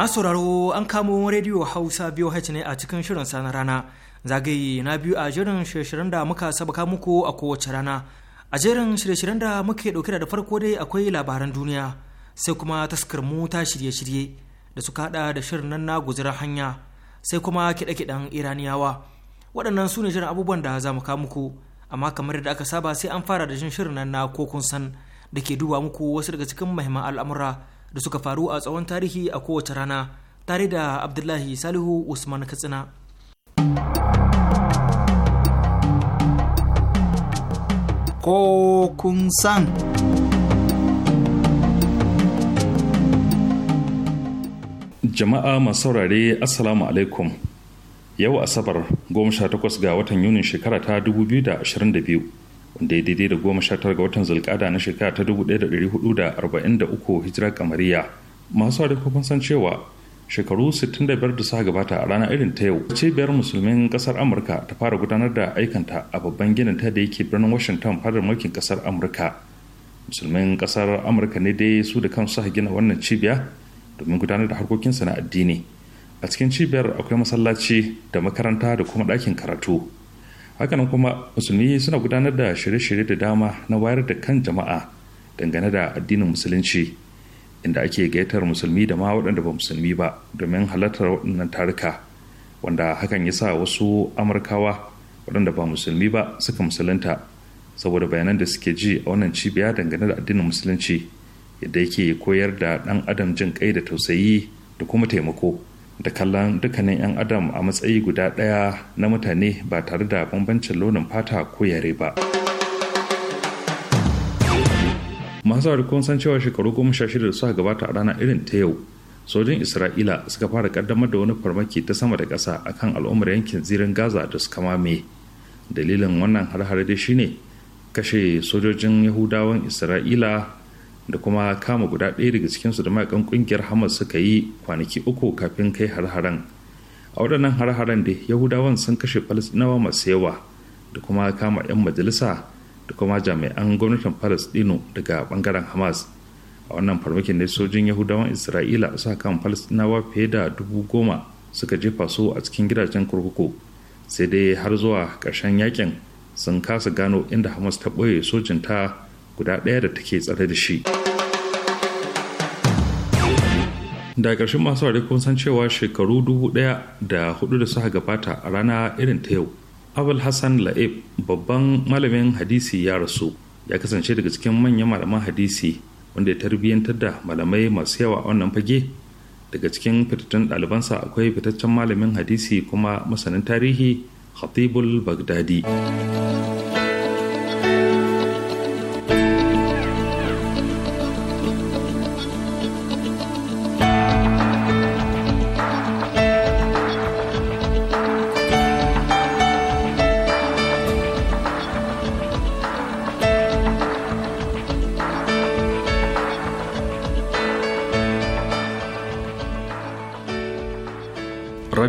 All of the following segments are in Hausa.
Masu sauraro an kamo rediyo Hausa biyu haiti ne a cikin shirin sa rana. Zagaye na biyu a jerin shirye-shiryen da muka sabaka muku a kowace rana. A jerin shirye-shiryen da muke dauke da farko dai akwai labaran duniya sai kuma taskar mu ta shirye-shirye da suka hada da shirin nan na guzurar hanya sai kuma kiɗe-kiɗen Iraniyawa. Waɗannan su ne shirin abubuwan da za mu muku amma kamar da aka saba sai an fara da jin shirin nan na kokun da ke duba muku wasu daga cikin muhimman al'amura da suka faru a tsawon tarihi a kowace rana tare da abdullahi salihu usman katsina ko kun san jama'a masu saurare assalamu alaikum yau asabar 18 ga watan yunin shekara ta 2022 daidai da goma sha tara ga watan zulkada na shekara ta dubu ɗaya da ɗari hudu da arba'in da uku hijira kamariya masu wari kuma san cewa shekaru 65 da suka gabata a ranar irin ta yau cibiyar musulmin kasar amurka ta fara gudanar da aikanta a babban ginin ta da yake birnin washington fadar mulkin kasar amurka musulmin kasar amurka ne dai su da kansu suka gina wannan cibiya domin gudanar da harkokinsa na addini a cikin cibiyar akwai masallaci da makaranta da kuma ɗakin karatu hakanan kuma musulmi suna gudanar da shirye-shirye da dama na wayar da kan jama'a dangane da addinin musulunci inda ake gaitar musulmi da ma waɗanda ba musulmi ba domin halartar waɗannan taruka wanda hakan ya sa wasu amurkawa waɗanda ba musulmi ba suka musulunta saboda bayanan da suke ji a wannan cibiya dangane da addinin musulunci yadda yake koyar da ɗan adam jin kai da tausayi da kuma taimako da kallon dukkanin 'yan adam a matsayi guda ɗaya na mutane ba tare da bambancin launin fata ko yare ba masu kun san cewa shekaru goma sha shida da suka gabata a rana irin ta yau sojin isra'ila suka fara kaddamar da wani farmaki ta sama da ƙasa akan al'ummar yankin zirin gaza da suka mame dalilin wannan har-hare dai shine kashe sojojin yahudawan isra'ila da kuma kama guda ɗaya daga cikinsu da mayakan ƙungiyar hamas suka yi kwanaki uku kafin kai har-haren a waɗannan har-haren da yahudawan sun kashe falasɗinawa masu yawa da kuma kama 'yan majalisa da kuma jami'an gwamnatin falasɗinu daga ɓangaren hamas a wannan farmakin ne sojin yahudawan isra'ila suka kama falasɗinawa fiye da dubu goma suka jefa su a cikin gidajen kurkuku sai dai har zuwa ƙarshen yakin sun kasa gano inda hamas ta ɓoye sojin ta. guda ɗaya da take tsare da shi da ƙarshen masu ware kun san cewa shekaru dubu ɗaya da hudu da suka gabata a rana irin ta yau abul hassan la'ib babban malamin hadisi ya rasu ya kasance daga cikin manyan malaman hadisi wanda ya tarbiyyantar da malamai masu yawa a wannan fage daga cikin fitattun ɗalibansa akwai fitaccen malamin hadisi kuma masanin tarihi khatibul bagdadi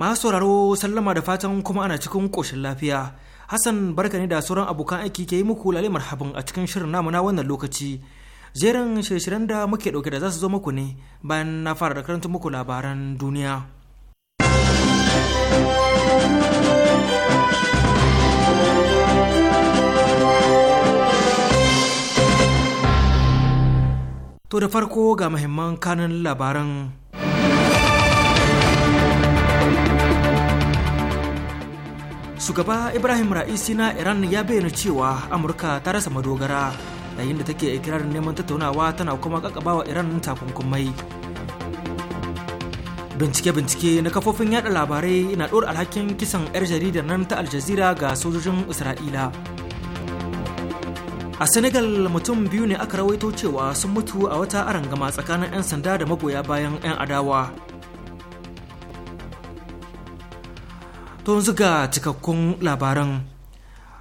masu sauraro sallama da fatan kuma ana cikin koshin lafiya hassan barka ne da sauran abokan aiki ke yi muku lalimar marhaban a cikin shirin namu na wannan lokaci jerin shirye-shiryen da muke ɗauke da za su zo muku ne bayan na fara da karanta muku labaran duniya To da farko ga mahimman kanan labaran shugaba ibrahim ra'isi na iran ya bayyana cewa amurka ta rasa madogara yayin da take ikirarin neman tattaunawa tana kuma kakabawa iran takunkumai bincike-bincike na kafofin yada labarai na ɗora alhakin kisan 'yar jaridar nan ta aljazira ga sojojin isra'ila a senegal mutum biyu ne aka rawaito cewa sun mutu a wata arangama tsakanin 'yan sanda da magoya bayan 'yan adawa tun zuga cikakkun labaran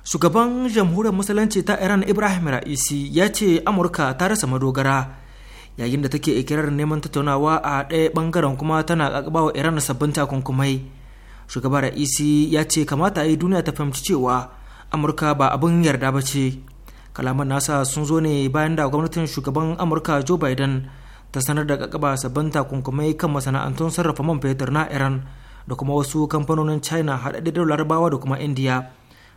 shugaban jamhuriyar musulunci ta iran ibrahim ra'isi ya ce amurka ta rasa madogara yayin da take ikirar neman tattaunawa a ɗaya bangaren kuma tana ƙaƙabawa iran sabbin takunkumai shugaban ra'isi ya ce kamata a yi duniya ta fahimci cewa amurka ba abin yarda ba ce kalaman nasa sun zo ne bayan da gwamnatin shugaban amurka joe biden ta sanar da ƙaƙaba sabbin takunkumai kan masana'antun sarrafa man fetur na iran da kuma wasu kamfanonin china haɗaɗɗe da larabawa da kuma india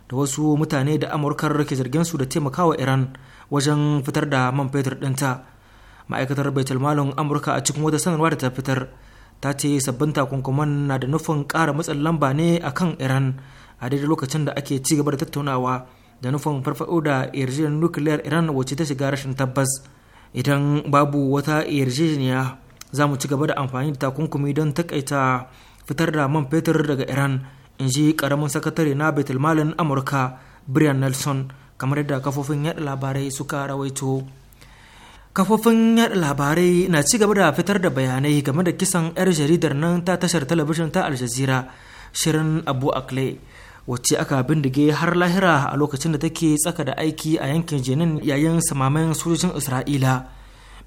da wasu mutane da amurkar ke zargin su da taimakawa iran wajen fitar da man fetur ɗinta ma'aikatar baitul malon amurka a cikin wata sanarwa da ta fitar ta ce sabbin takunkuman na da nufin kara matsin lamba ne a kan iran a daidai lokacin da ake ci gaba da tattaunawa da nufin farfaɗo da yarjejeniyar nukiliyar iran wacce ta shiga rashin tabbas idan babu wata yarjejeniya za mu ci gaba da amfani da takunkumi don takaita fitar da man fetur daga iran in ji karamin sakatare na betulmalin amurka brian nelson kamar yadda kafofin yada labarai suka rawaito kafofin yada labarai na ci gaba da fitar da bayanai game da kisan 'yar jaridar nan ta tashar talabijin ta al jazeera shirin abu akle wacce aka bindige har lahira a lokacin da take tsaka da aiki a yankin jenin yayin samamen sojojin isra'ila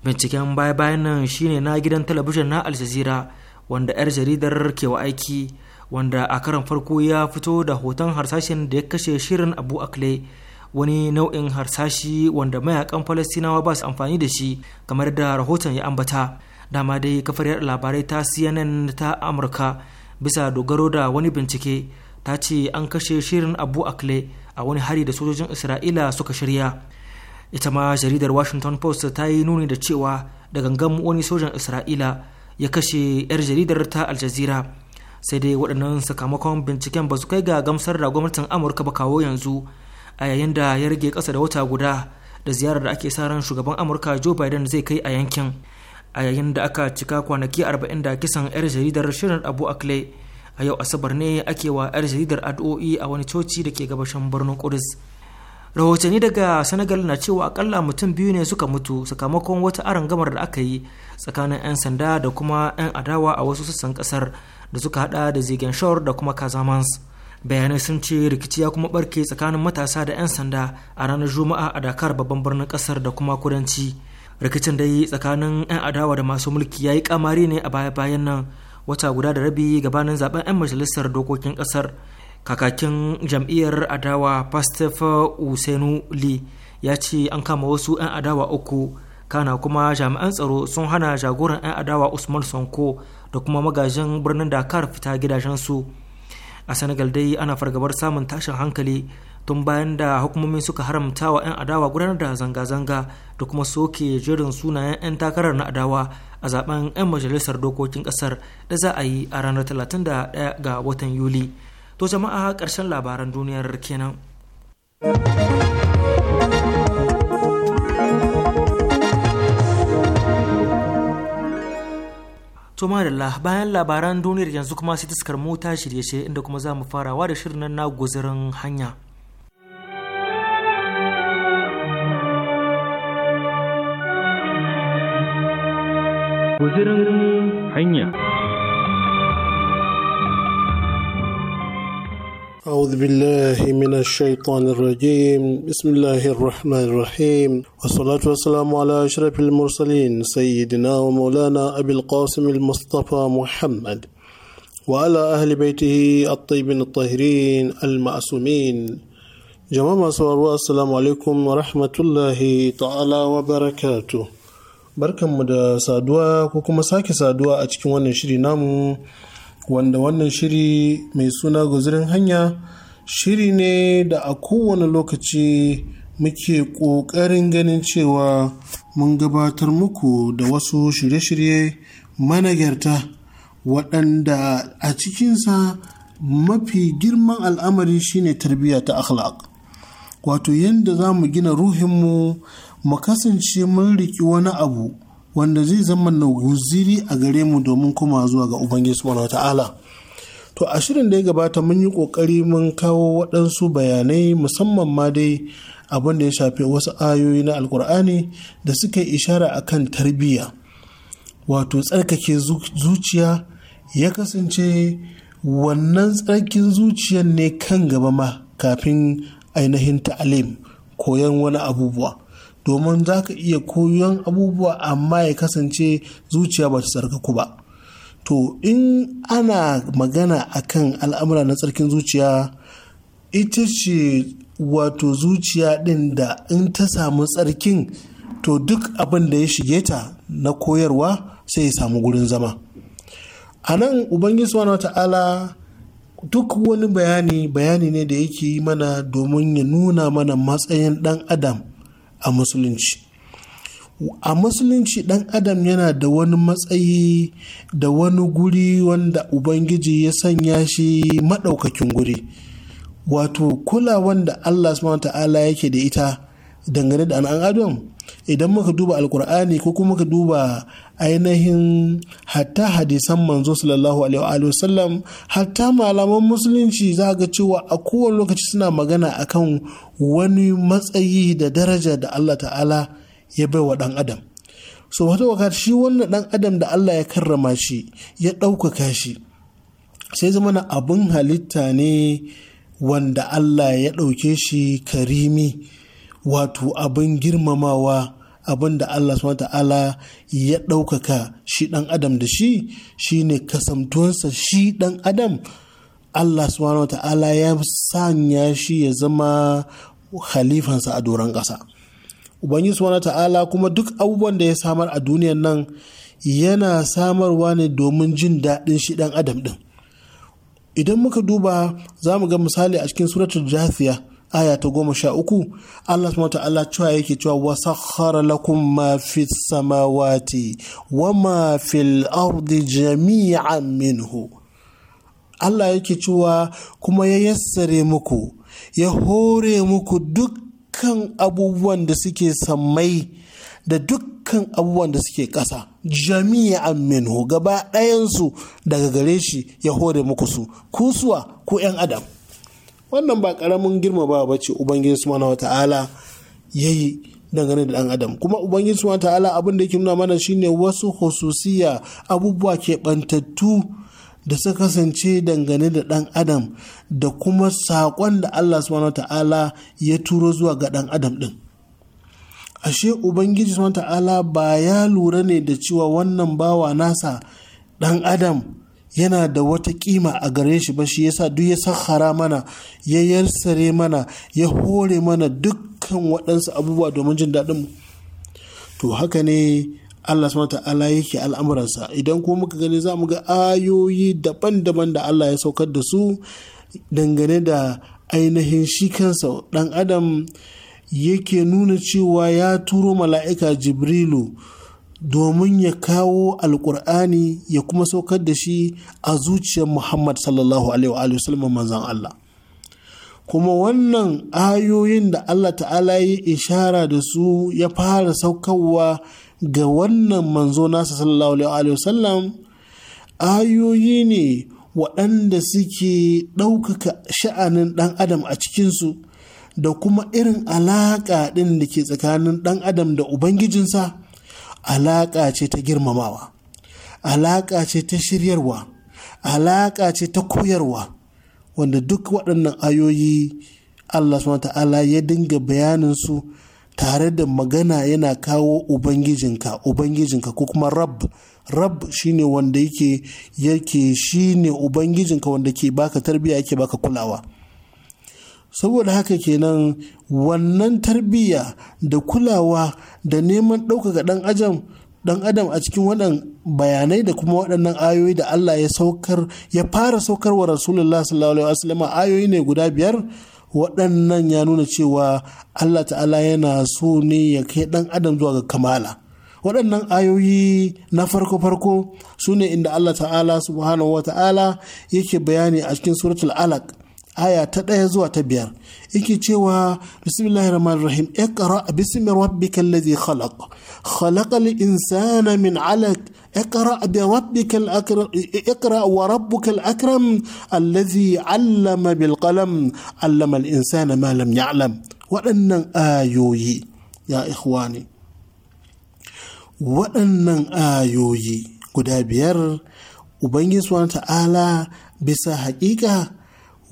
binciken baya-bayan nan shine na gidan talabijin na al jazeera wanda 'yar jaridar kewa aiki wanda a karan farko ya fito da hoton harsashen da ya kashe shirin abu akle wani nau'in harsashi wanda mayakan falastinawa ba su amfani da shi kamar da rahoton ya ambata dama dai kafar yada labarai ta cnn ta amurka bisa dogaro da wani bincike ta ce an kashe shirin abu akle a wani hari da sojojin isra'ila suka shirya ita ma jaridar washington post ta yi nuni da cewa da gangan wani sojan isra'ila ya kashe 'yar jaridar ta aljazira sai dai waɗannan sakamakon binciken ba su kai ga gamsar da gwamnatin amurka ba kawo yanzu a yayin da ya rage ƙasa da wata guda da ziyarar da ake sa ran shugaban amurka joe biden zai kai a yankin a yayin da aka cika kwanaki arba'in da kisan 'yar jaridar shirin abu akle a yau asabar ne ake wa 'yar jaridar addu'o'i a wani coci da ke gabashin birnin kudus rahotanni daga senegal na cewa akalla mutum biyu ne suka mutu sakamakon wata arangamar da aka yi tsakanin 'yan sanda da kuma 'yan adawa a wasu sassan kasar da suka hada da zigen shore da kuma kazamans bayanai sun ce rikici ya kuma barke tsakanin matasa da 'yan sanda a ranar juma'a a dakar babban birnin kasar da kuma kudanci rikicin dai tsakanin 'yan adawa da masu mulki ya yi kamari ne a baya-bayan nan wata guda da rabi gabanin zaben 'yan majalisar dokokin kasar kakakin jam'iyyar adawa pastefa usenu li ya ce an kama wasu 'yan adawa uku kana kuma jami'an tsaro sun hana jagoran 'yan adawa usman sonko da kuma magajin birnin dakar fita gidajensu a senegal dai ana fargabar samun tashin hankali tun bayan da hukumomi suka haramta wa 'yan adawa gudanar da zanga-zanga da kuma soke jerin sunayen 'yan takarar na adawa a zaben 'yan majalisar dokokin kasar da za a yi a ranar 31 ga watan yuli to jama'a karshen labaran duniyar kenan. To madalla bayan labaran duniyar yanzu kuma sai taskar mota shirye-shirye inda kuma za mu farawa da shirin na guzurin hanya. Guzurin hanya. أعوذ بالله من الشيطان الرجيم بسم الله الرحمن الرحيم والصلاة والسلام على أشرف المرسلين سيدنا ومولانا أبي القاسم المصطفى محمد وعلى أهل بيته الطيبين الطاهرين المعصومين جماعة سوار السلام عليكم ورحمة الله تعالى وبركاته بركة مدى سادوا كوكما ساكي سادوا أتكي وانا شري نامو wanda wannan shiri mai suna guzurin hanya shiri ne da a kowane lokaci muke ƙoƙarin ganin cewa mun gabatar muku da wasu shirye-shirye managarta waɗanda a cikinsa mafi girman al'amari shine tarbiyya ta akhlaq wato yadda za mu gina ruhinmu mu kasance mun riki wani abu wanda zai zama na guziri a gare mu domin kuma zuwa ga ubangiji subhanahu ta'ala to a shirin da ya gabata mun yi kokari mun kawo waɗansu bayanai musamman ma dai abin da ya shafi wasu ayoyi na alkur'ani da suka yi ishara akan tarbiyya wato tsarkake zuciya ya kasance wannan tsarkin zuciyar ne kan gaba ma kafin ainihin ta'alim koyon wani abubuwa domin za ka iya koyon abubuwa amma ya kasance zuciya ba ta tsarkaku ba to in ana magana akan al'amura na tsarkin zuciya ita ce wato zuciya ɗin da in ta samu tsarkin to duk abin da ya shige ta na koyarwa sai ya samu gurin zama a nan ubangiji subhanahu ta'ala duk wani bayani bayani ne da yake yi mana domin ya nuna mana matsayin ɗan adam a musulunci a musulunci ɗan adam yana da wani matsayi da wani guri wanda ubangiji ya sanya shi maɗaukakin guri wato kula wanda allah subhanahu ta'ala yake da ita dangane da an adam idan muka duba alkur'ani ko kuma muka duba ainihin hatta hadisan manzo sallallahu alaihi wasallam hatta malaman musulunci za ga cewa a kowane lokaci suna magana akan wani matsayi da daraja da Allah ta'ala ya baiwa wa dan adam so wata wakar shi wannan dan adam da Allah ya karrama shi ya ɗaukaka shi sai zama na abin halitta ne wanda Allah ya ɗauke shi karimi wato abin girmamawa abin da Allah SWT ya ɗaukaka shi ɗan adam da shi shi ne kasamtuwansa shi ɗan adam Allah SWT ya sanya shi ya zama khalifansa a doron ƙasa ubangiji SWT kuma duk abubuwan da ya samar a duniyan nan yana samarwa ne domin jin daɗin shi ɗan adam ɗin idan muka duba za mu ga misali a cikin suratul jathiya aya ta goma sha uku Allah subhanahu ta'ala cewa yake cewa wa sakhara lakum ma samawati wa ma fil ardi jami'an minhu Allah yake cewa kuma ya yassare muku ya hore muku dukkan abubuwan da suke sammai da dukkan abubuwan da suke ƙasa jami'an minhu gaba ɗayansu daga gare shi ya hore muku su kusuwa ku 'yan adam wannan ba karamin girma ba ce ubangiji subhanahu wata'ala yayi dangane da dan adam kuma ubangiji subhanahu wata'ala abin da yake nuna mana shine wasu hususiya abubuwa ke ɓantattu da suka kasance dangane da dan adam da kuma saƙon da Allah subhanahu wata'ala ya turo zuwa ga dan adam din ashe ubangiji subhanahu wata'ala ba ya lura ne da cewa wannan bawa nasa dan adam yana da wata kima a gare shi ba shi yasa duk ya sakhara mana ya yarsare mana ya hore mana dukkan waɗansu abubuwa domin jin daɗin to haka ne Allah subhanahu ta'ala yake al'amuransa idan kuma muka gani za mu ga ayoyi daban-daban da Allah ya saukar da su dangane da ainihin shi kansa ɗan adam yake nuna cewa ya turo mala'ika jibrilu domin ya kawo alkur'ani ya kuma saukar da shi a zuciyar muhammad sallallahu alaihi wa manzan Allah kuma wannan ayoyin da Allah ta'ala ya ishara da su ya fara saukarwa ga wannan manzo nasa sallallahu alaihi wa sallam. ayoyi ne waɗanda suke ɗaukaka sha'anin ɗan adam a cikinsu da kuma irin alaƙa ɗin da ke tsakanin ɗan adam da ubangijinsa alaƙa ce ta girmamawa alaƙa ce ta shiryarwa alaƙa ce ta koyarwa wanda duk waɗannan ayoyi Allah subhanahu ta'ala ya dinga bayanin su tare da magana yana kawo ubangijinka ubangijinka ko kuma rab rab shine wanda yake yake shine ubangijinka wanda ke baka tarbiyya yake baka kulawa saboda haka kenan wannan tarbiyya da kulawa da neman ɗaukaka ɗan ajam ɗan adam a cikin waɗannan bayanai da kuma waɗannan ayoyi da Allah ya saukar ya fara saukar wa rasulullah sallallahu alaihi ayoyi ne guda biyar waɗannan ya nuna cewa Allah ta'ala yana so ne ya kai ɗan adam zuwa ga kamala waɗannan ayoyi na farko-farko su ne inda Allah ta'ala subhanahu wa ta'ala yake bayani a cikin suratul alaq aya ta ɗaya zuwa ta biyar yake cewa bismillahir rahmanir rahim iqra bismi rabbikal ladhi khalaq khalaqal insana min 'alaq iqra bi rabbikal akram iqra wa rabbukal akram alladhi 'allama bil qalam 'allama al insana ma waɗannan ayoyi ya ikhwani waɗannan ayoyi guda biyar ubangiji bisa haƙiƙa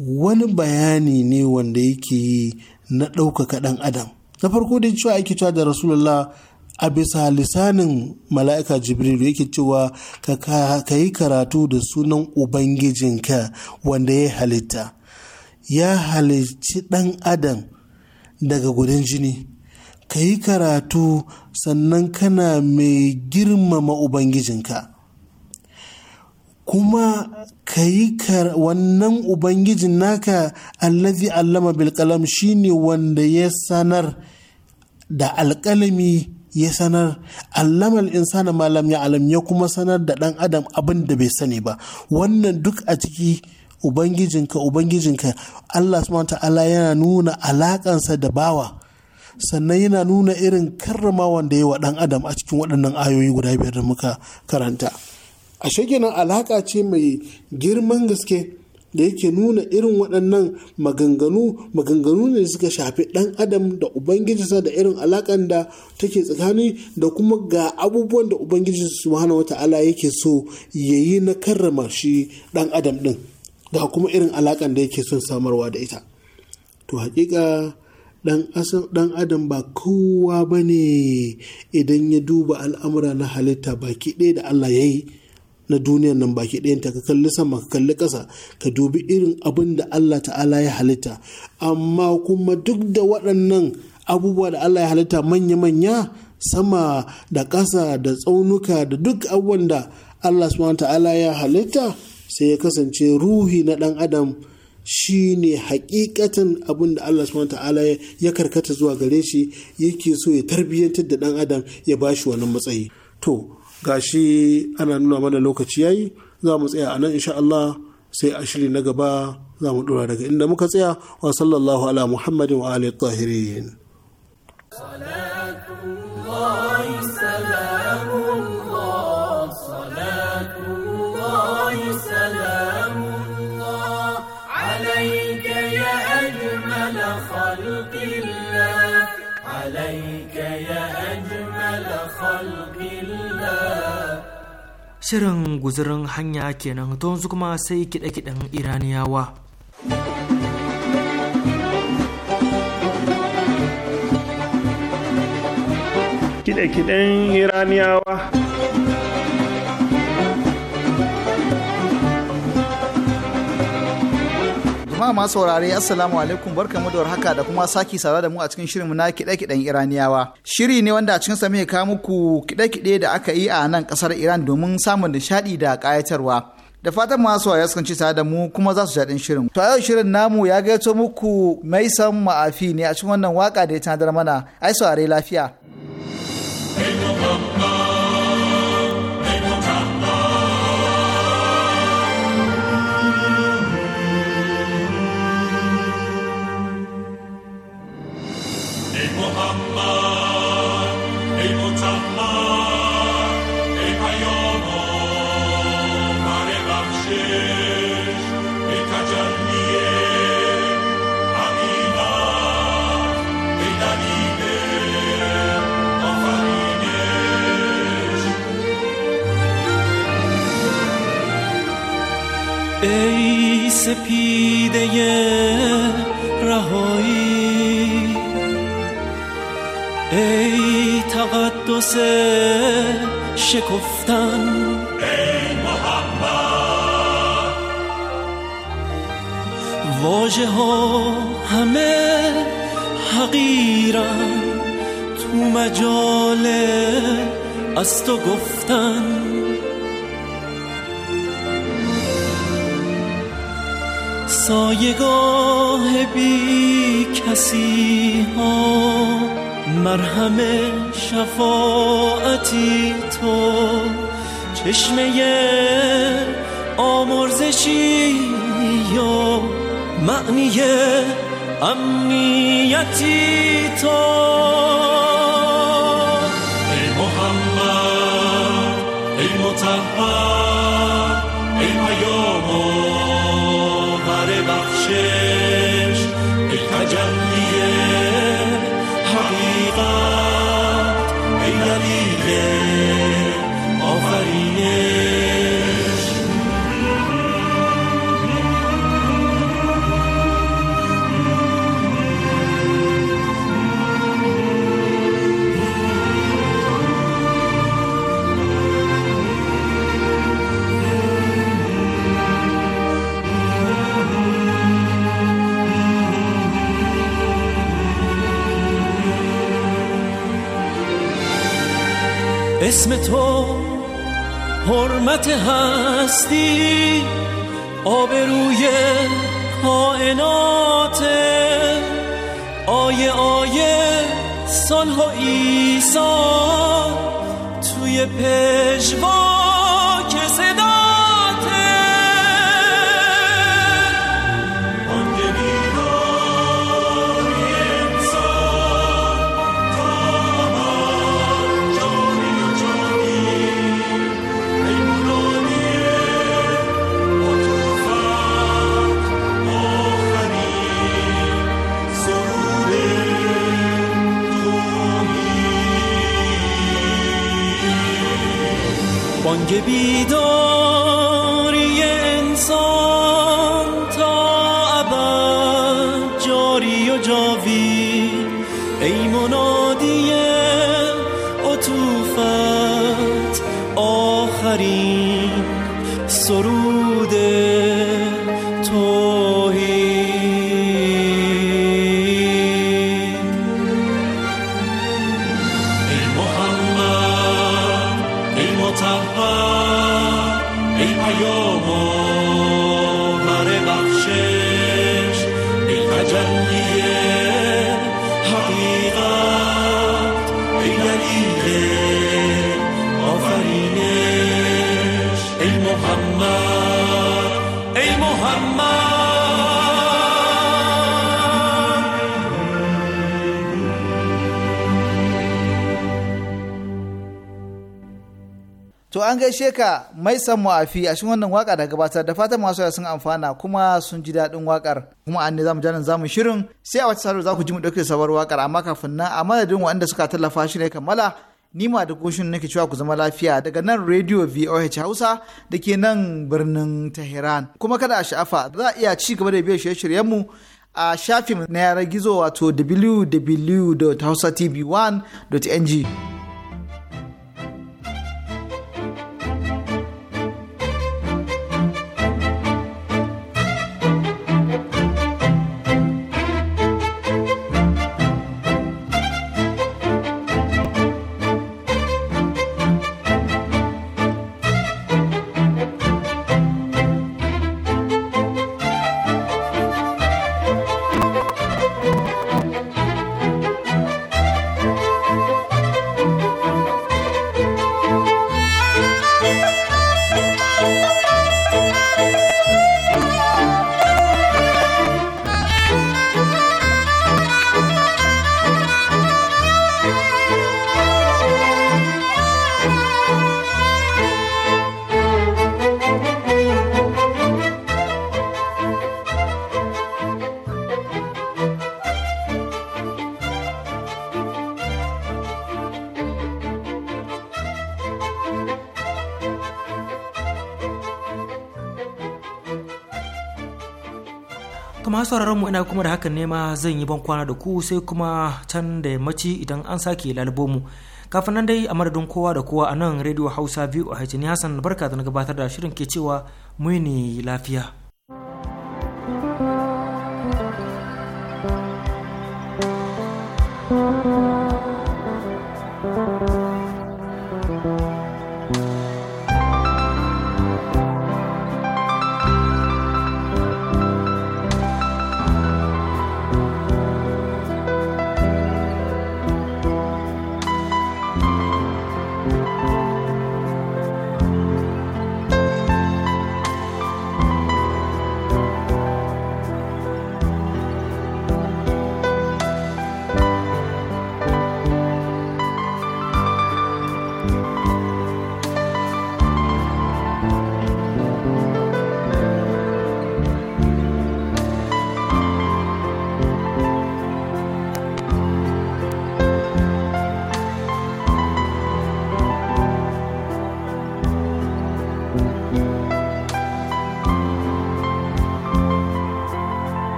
wani bayani ne wanda yake yi na ɗaukaka ɗan adam na farko dai cewa ake cewa da rasulullah a bisa lisanin mala'ika jibrilu yake cewa ka yi karatu da sunan ubangijinka wanda ya halitta ya halicci ɗan adam daga gudun jini ka yi karatu sannan kana mai girmama ubangijinka kuma ka yi wannan ubangijin naka allazi allama bilkalam shine wanda ya sanar da alkalami ya sanar allamal insana malam ya alam ya kuma sanar da dan adam abin da bai sani ba wannan duk a ciki ubangijinka ubangijinka allah subhanahu ta'ala yana nuna alakansa da bawa sannan yana nuna irin karrama wanda ya wa dan adam a cikin waɗannan ayoyi guda biyar da muka karanta ashe kenan alaƙa ce mai girman gaske da yake nuna irin waɗannan maganganu maganganu ne suka shafi ɗan adam da ubangiji da irin alaƙan da take tsakani da kuma ga abubuwan da ubangiji subhanahu wata'ala yake so ya yi na karrama shi ɗan adam ɗin ga kuma irin alaƙan da yake son samarwa da ita to haƙiƙa ɗan adam ba kowa ba ne idan ya duba al'amura na halitta baki ɗaya da allah ya yi na duniyar nan baki ɗayanta ka kalli sama ka kalli ƙasa ka dubi irin abin da Allah ta'ala ya halitta amma kuma duk da waɗannan abubuwa da Allah ya halitta manya-manya sama da ƙasa da tsaunuka da duk abubuwan da Allah subhanahu ta'ala ya halitta sai ya kasance ruhi na ɗan adam shi ne hakikatan abin da Allah subhanahu ta'ala ya karkata zuwa gare shi yake so ya tarbiyyantar da ɗan adam ya bashi wani matsayi to gashi ana nuna mana lokaci yayi za mu tsaya a nan insha Allah sai a shiri na gaba za mu dora daga inda muka tsaya wa sallallahu ala muhammadin wa alihi tahirin عليك يا أجمل خلق الله Shirin guzurin hanya kenan to su kuma sai kiɗe-kiɗen Iraniyawa. Kiɗe-kiɗen Iraniyawa. jama'a masu saurare assalamu alaikum barkamu da warhaka da kuma saki sara da mu a cikin shirin na kiɗe-kiɗen iraniyawa shiri ne wanda a cikin sa muke kawo muku kiɗe-kiɗe da aka yi a nan kasar iran domin samun nishaɗi da kayatarwa da fatan masu waya sun ci tare da mu kuma za su jaɗin shirin. To yau shirin namu ya gaito muku mai san ma'afi ne a cikin wannan waka da ya tanadar mana ai saurare lafiya. ای محمد ای متمد ای پیام آور بخشش ای تجلی امینت ای دلیل آفرینش ای سپیده رهایی ای تقدس شکفتن ای محمد واجه ها همه حقیرن تو مجال از تو گفتن سایگاه بی کسی ها مرهم شفاعتی تو چشمه آمرزشی یا معنی امنیتی تو اسم تو حرمت هستی آبروی کائنات آیه آیه و ایسا توی پژوان بانگ بیداری انسان To an gaishe ka mai san mu'afi a shi wannan waka da gabatar da fatan masu sun amfana kuma sun ji daɗin wakar kuma an ne zamu janin zamu shirin sai a wata saro za ku ji mu dauke sabar wakar amma kafin nan a madadin waɗanda suka tallafa shi ne kammala ni ma da goshin nake cewa ku zama lafiya daga nan radio VOH Hausa da ke nan birnin Tehran kuma kada a sha'afa za a iya ci gaba da biyan shirye-shiryen mu a shafin na yanar gizo wato www.hausatv1.ng ana kuma da hakan nema zan yi bankwana da ku sai kuma can da yammaci idan an sake lalubo mu kafin nan dai a madadin kowa da kowa a nan radio hausa biyu a haitini hassan barka da na gabatar da shirin ke cewa mu ne lafiya